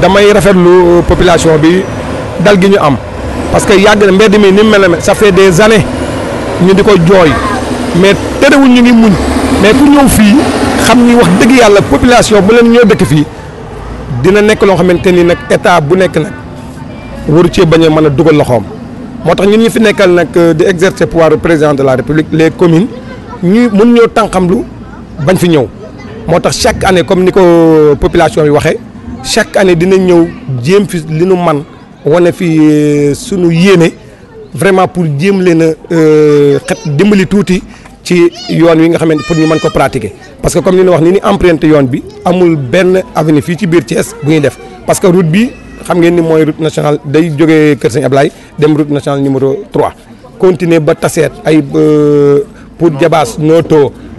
damay rafetlu euh, population bi dal gi ñu am parce que yag na mbedd mi ni mel ça fait des années ñu diko joy mais mais wu ñu ngi muñ mais ku ñeu fi xam ni wax deug yalla population bu len ñeu dekk fi dina nek lo xamanteni nak état bu nek nak waru ci baña mëna duggal loxom motax ñun ñi fi nekkal nak euh, di exercer pouvoir président de la république les communes ñu mun ñoo tànqamlu bañ fi ñeu motax chaque année comme niko population bi waxé chaque année dina ñëw jéem fi li nu man wane fi euh, sunu yéene vraiment pour jéem leen a euh, xet dimbali tuuti ci yoon wi nga xamante pour ñu mën ko pratiquer parce que comme ni ñu wax ni ni emprunté yoon bi amul benn avenue fii ci biir Thiès bu ñuy def parce que route bi xam ngeen ni mooy route nationale day jógee Kër Sëñ Ablaye dem route nationale numéro 3 continuer ba taseet ay euh, pour Jabaas Noto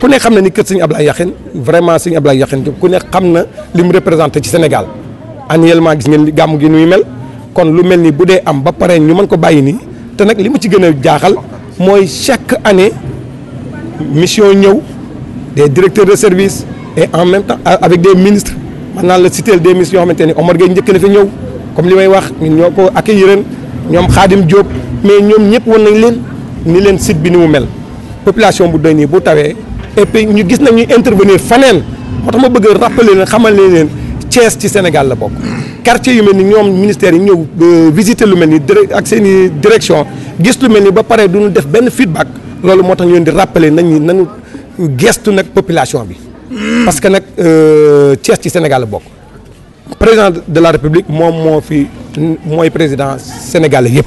ku ne xam na ni kër sëñ vraiment sëñ Ablaye Yaxin ku ne xamna na représenter ci Sénégal annuellement gis ngeen gam gi nuy mel kon lu melni ni am ba paré ñu mën ko bàyyi nii te nag li ci gëna a jaaxal mooy chaque année mission ñëw des directeurs de service et en même temps avec des ministres man naan la cité des missions yoo Omar Gueye ñëk na fi ñëw comme limay wax ñun ñoko ko accueillir ñoom Khadim Diop mais ñom ñëpp won nañ leen ni leen site bi ni mu mel population bu doy ni bu tawé et puis ñu gis nag intervenir fanel moo bëgg rappeler leen xamal ne Thiès ci Sénégal la bok quartier yu mel ni ministère yi ñëw euh, visiter lu accès ni ak direction gis lu menu va ba pare duñu def benn feedback loolu moo tax ñu leen di rappeler nañu nañu gestu nag population bi parce que nag euh, Thiès ci Sénégal la bok président de la République moom moo fi mooy président Sénégal yëpp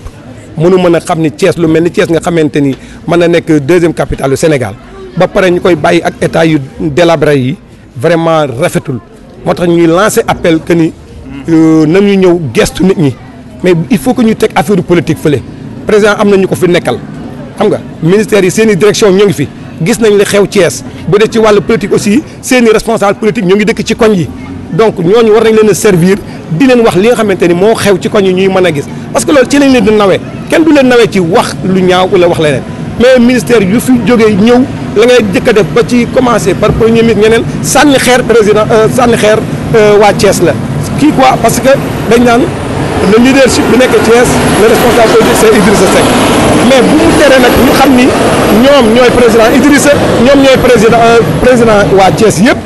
mënu mën a ni Thiès lu mel ni Thiès nga xamante ni mën deuxième capitale du Sénégal ba paré ñukoy bayyi ak état yu délabré yi vraiment rafetul motax ñuy lancé appel que ni euh, nan ñu ñew gestu nit ñi mais il faut que ñu teg affaire politique feulé président amna na ñu ko fi nekkal xam nga ministère yi seen direction ñu ngi fi gis nañ li xew Thiès bu dé ci walu politique aussi seen responsable politique ñu ngi dëkk ci koñ yi donc ñoñu war nañ leen servir di leen wax li nga xamanteni mo xew ci koñ yi ñuy mëna gis parce que lool ci lañ leen di nawee kenn du leen nawee ci wax lu ñaaw wala wax leneen mais ministère yu fi joggé ñew la ngay jëkk a def ba ci commencé par premier ministre ñeneen sànni xeer président euh, sànni xeer euh, waa Thiès la kii quoi parce que dañ naan le leadership bi nekk Thiès le responsable politique c'est Idrissa Seck mais bu mu teree nag ñu xam ni ñoom ñooy président Idrissa ñoom ñooy président euh, président waa Thiès yëpp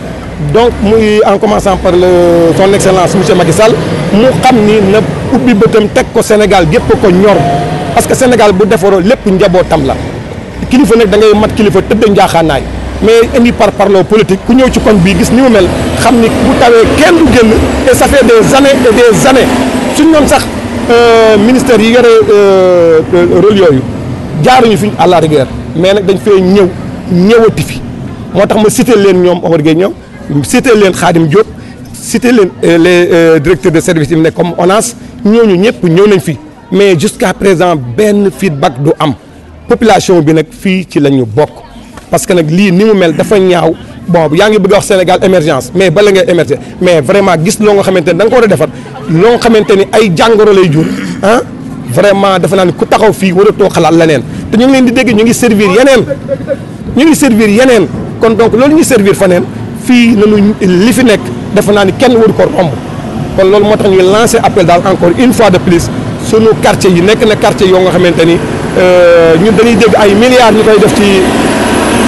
donc muy en commençant par le son excellence monsieur Macky Sall mu xam ni na ubbi bëtam teg ko Sénégal gépp ko ñor parce que Sénégal bu defaroo lépp njabootam la kilifa nag da ngay mat kilifa tëdd njaaxaanaay mais indi par parlo politique ku ñëw ci koñ bii gis ni mu mel xam ni bu tawee kenn du génn et ça fait des années et des années suñ ñoom sax euh, ministère yi yore euh, euh, rôle yooyu jaaruñu fi à la rigueur mais nag dañ fee ñëw ñëwati fi moo tax ma cité leen ñoom Omar Gueye ñoom cité leen Khadim Diop cité leen les directeurs de service yi mu ne comme ONAS ñooñu ñëpp ñëw nañ fi mais jusqu'à présent ben feedback du am population bi nak fi ci lañu ñu bokk parce que nak li ni mu mel dafa ñaaw bon yaa ngi bëgg wax Sénégal émergence mais ba la nga émerger mais vraiment gis lo nga xamanteni ni da nga ko war a defar nga xamanteni ay jangoro lay jur hein vraiment dafa naa ku taxaw fi wara waratoo xalaat leneen te ñu ngi leen di dégg ñu ngi servir yenen ñu ngi servir yenen kon donc loolu ñuy servir fanen fi nañu li fi nek dafa naa kenn waru ko romb kon loolu motax tax lancer appel daal encore une fois de plus sur nos quartiers yi nek na quartier yo nga xamanteni euh, ñun dañuy dégg ay milliards ñu koy def ci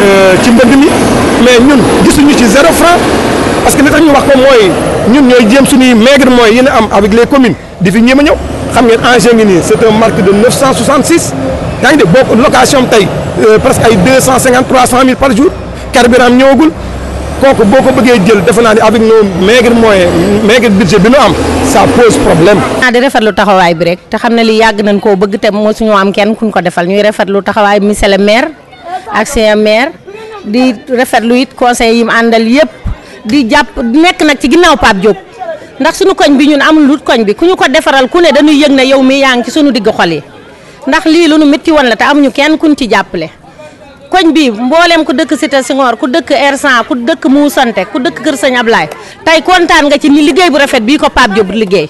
euh, ci mbënd mi mais ñun gisuñu ci zéro franc parce que li tax ñu wax ko mooy ñun ñooy jéem suñuy maigre mooy yi am avec les communes di fi ñéem a ñëw xam ngeen enjeu ngi nii c'est un marque de 966 yaa ngi dégg boo location am tey euh, presque ay 250 300 mille par jour carburant ñëwagul. kooku boo ko bëggee jël defe naa ni avec nos maigres moyens maigre budget bi nu am ça pose problème. naa di rafetlu taxawaay bi rek te xam ne li yàgg nañ koo bëgg te moo mosuñoo am kenn kuñ ko defal ñuy rafetlu taxawaay monsieur le maire ak maire di rafetlu it conseil yi mu àndal yëpp di jàpp nekk nag ci ginnaaw Pape Diop ndax suñu koñ bi ñun amul lut koñ bi ku ñu ko defaral ku ne dañuy yëg na yow mi yaa ngi ci suñu digg xol yi ndax lii lu nu métti woon la te amuñu kenn kuñ ci jàppale. koñ bi mbooleem ku dëkk Cité Senghor ku dëkk R100 ku dëkk Moussante ku dëkk Kër Sëñ Ablaye tey kontaan nga ci liggéey bu rafet bii ko Pape Diop liggéey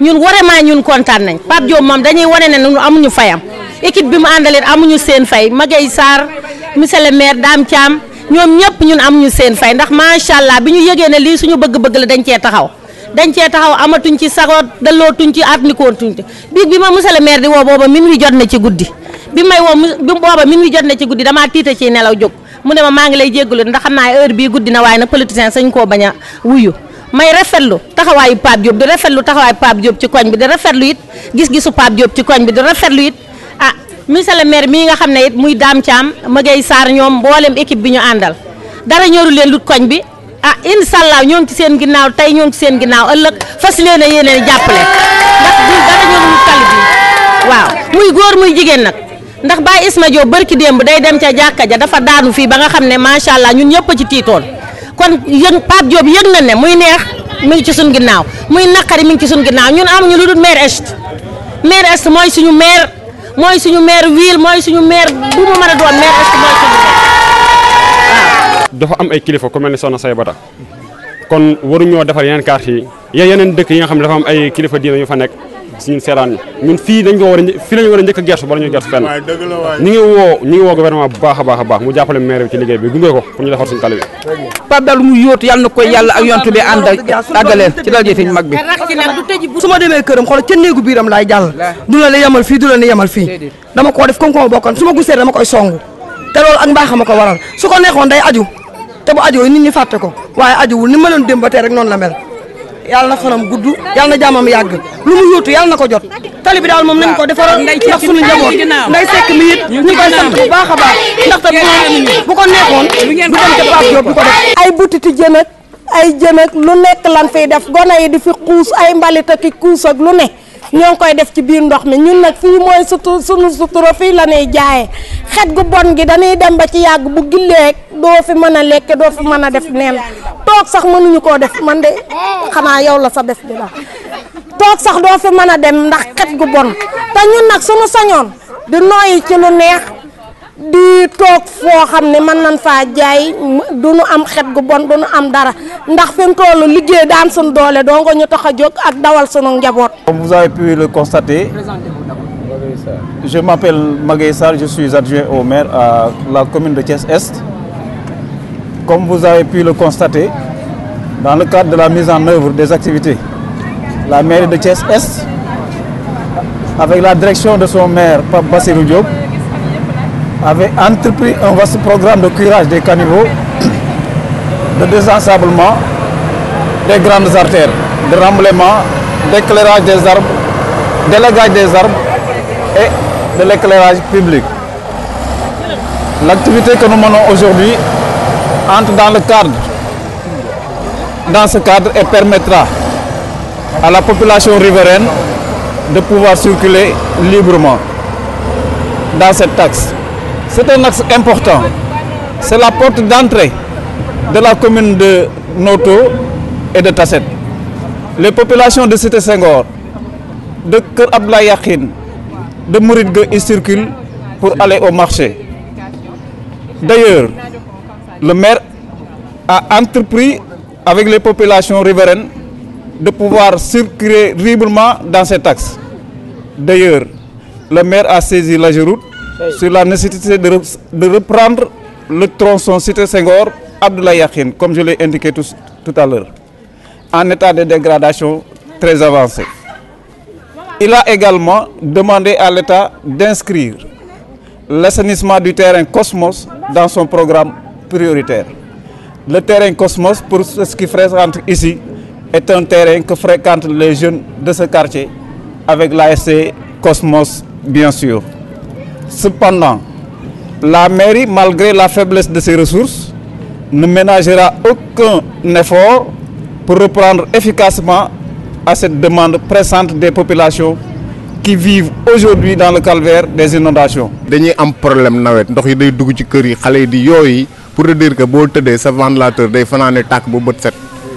ñun vraiment ñun kontaan nañ Pape Diop moom dañuy wane ne ñun amuñu fayam équipe bi mu àndaleen amuñu seen fay Maguette saar monsieur le daam Dame Thiam ñoom ñëpp ñun amuñu seen fey ndax macha allah bi ñu yëgee ne lii suñu bëgg-bëgg la dañ cee taxaw. dañ cee taxaw amatuñ ci sago dellootuñ ci at mi koontuñ ci biig bi ma monsieur le maire di woo booba min jot na ci guddi bi may wo bi booba min wi na ci guddi dama tiita ci nelaw jog mu ne ma maa ngi lay jéggalu ndax xamna naa heure bi guddi na way na politicien sañ ko baña wuyu may rafetlu taxaway pap job di rafetlu taxaway pap job ci koñ bi di rafetlu it gis-gisu pap job ci koñ bi di rafetlu it ah monsieur le maire mi nga xamne it muy Dame Thiam Magay sar ñom mboolem équipe bi ñu andal dara ñoru len lut koñ bi ah inshallah ñong ci seen ginnaw tay ñong ci seen ginnaw ëlëk fas leen a ndax du dara ñoru lut tali bi waaw muy goor muy jigen nak ndax Baye Isma Diop barki démb day dem ca jàkka ja dafa daanu fii ba nga xam ne macha allah ñun ñëpp ci tiitoon kon yëg Pape Diop yëg na ne muy neex mi ngi ci suñ ginnaaw muy naqari mi ngi ci suñ ginnaaw ñun amuñu lu dul maire est maire est mooy suñu maire mooy suñu maire ville mooy suñu maire bu mu mën a doon maire est mooy suñu maire dafa am ay kilifa ku mel ni Soxna Say Bata kon waruñoo defar yeneen carte yi yeneen dëkk yi nga xam ne dafa ay kilifa diina yu fa nekk. suñu ñun fii dañ ko fii lañu war a njëkk a gertu ko su ma demee këram xool ca néegu biiram laay jàll du la ma gusee a waral su ko neexoon day aju te bu ajoo nit ñi fàtte ko waaye ajuwul ni ma doon ba tey rek noonu la mel yàlla na fanam gudd yàlla na jàmmam yàgg lu mu yóotu yàlla na ko jot tali bi daal moom nañ ko defaroon ndax sunu njaboot nday sekk mi it ñu ngi koy sant bu baax a baax ndaxte bu ko neexoon du dem ca Pape Diop du ko def ay butiti jën ak ay jën lu nekk lan fiy def gone yi di fi xuus ay mbalit ak i kuus lu ne ñoo ngi koy def ci biir ndox mi ñun nag fii mooy sutu sunu sutura fii la ñuy jaayee xet gu bon gi dañuy dem ba ci yàgg bu gilleek doo fi mën a lekk doo fi mën a def neen toog sax mënuñu koo def man de xanaa yow la sa def bi la toog sax doo fi mën a dem ndax xet gu bon te ñun nag suñu sañoon di nooyi ci lu neex di tok fo xamne man mën nañ faa jaay duñu am xet gu bon duñu am dara ndax fi mu toll liggéey daan sun doole doo nga ñu tax a ak dawal sunu njabot Comme vous avez pu le constater, je m'appelle Magueye je suis adjoint au maire à la commune de Thiès-Est. Comme vous avez pu le constater, dans le cadre de la mise en œuvre des activités, la mairie de Thiès-Est, avec la direction de son maire, Pape Bassirou Diop, avait entrepris un vaste programme de cuirage des caniveaux, de désensablement des grandes artères, de remblaiement, d'éclairage des arbres, d'élagage des arbres et de l'éclairage public. L'activité que nous menons aujourd'hui entre dans le cadre, dans ce cadre et permettra à la population riveraine de pouvoir circuler librement dans cette taxe. C'est un axe important. C'est la porte d'entrée de la commune de Noto et de Tasset. Les populations de Cité Senghor, de Ker de Mouridga, ils circulent pour aller au marché. D'ailleurs, le maire a entrepris avec les populations riveraines de pouvoir circuler librement dans cet axe. D'ailleurs, le maire a saisi la géroute sur la nécessité de, reprendre le tronçon cité Senghor Abdoulaye Yakhine, comme je l'ai indiqué tout, à l'heure, en état de dégradation très avancé. Il a également demandé à l'État d'inscrire l'assainissement du terrain Cosmos dans son programme prioritaire. Le terrain Cosmos, pour ce qui fréquente ici, est un terrain que fréquentent les jeunes de ce quartier avec l'ASC Cosmos, bien sûr. Cependant, la mairie, malgré la faiblesse de ses ressources, ne ménagera aucun effort pour reprendre efficacement à cette demande pressante des populations qui vivent aujourd'hui dans le calvaire des inondations. dañuy am problème nawet ndox yi day dugg ci kër yi xale yi di pour dire que boo tëddee sa ventilateur day fanaane tàkk ba bët set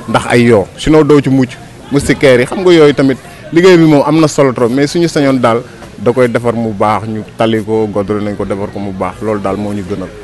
ndax ay yoo sinon doo ci mucc moustiquaires yi xam nga yooyu tamit liggéey bi moom am solo trop mais suñu sañoon daal. da koy defar mu baax ñu tali ko godre nañ ko defar ko mu baax loolu daal moo ñu gënal.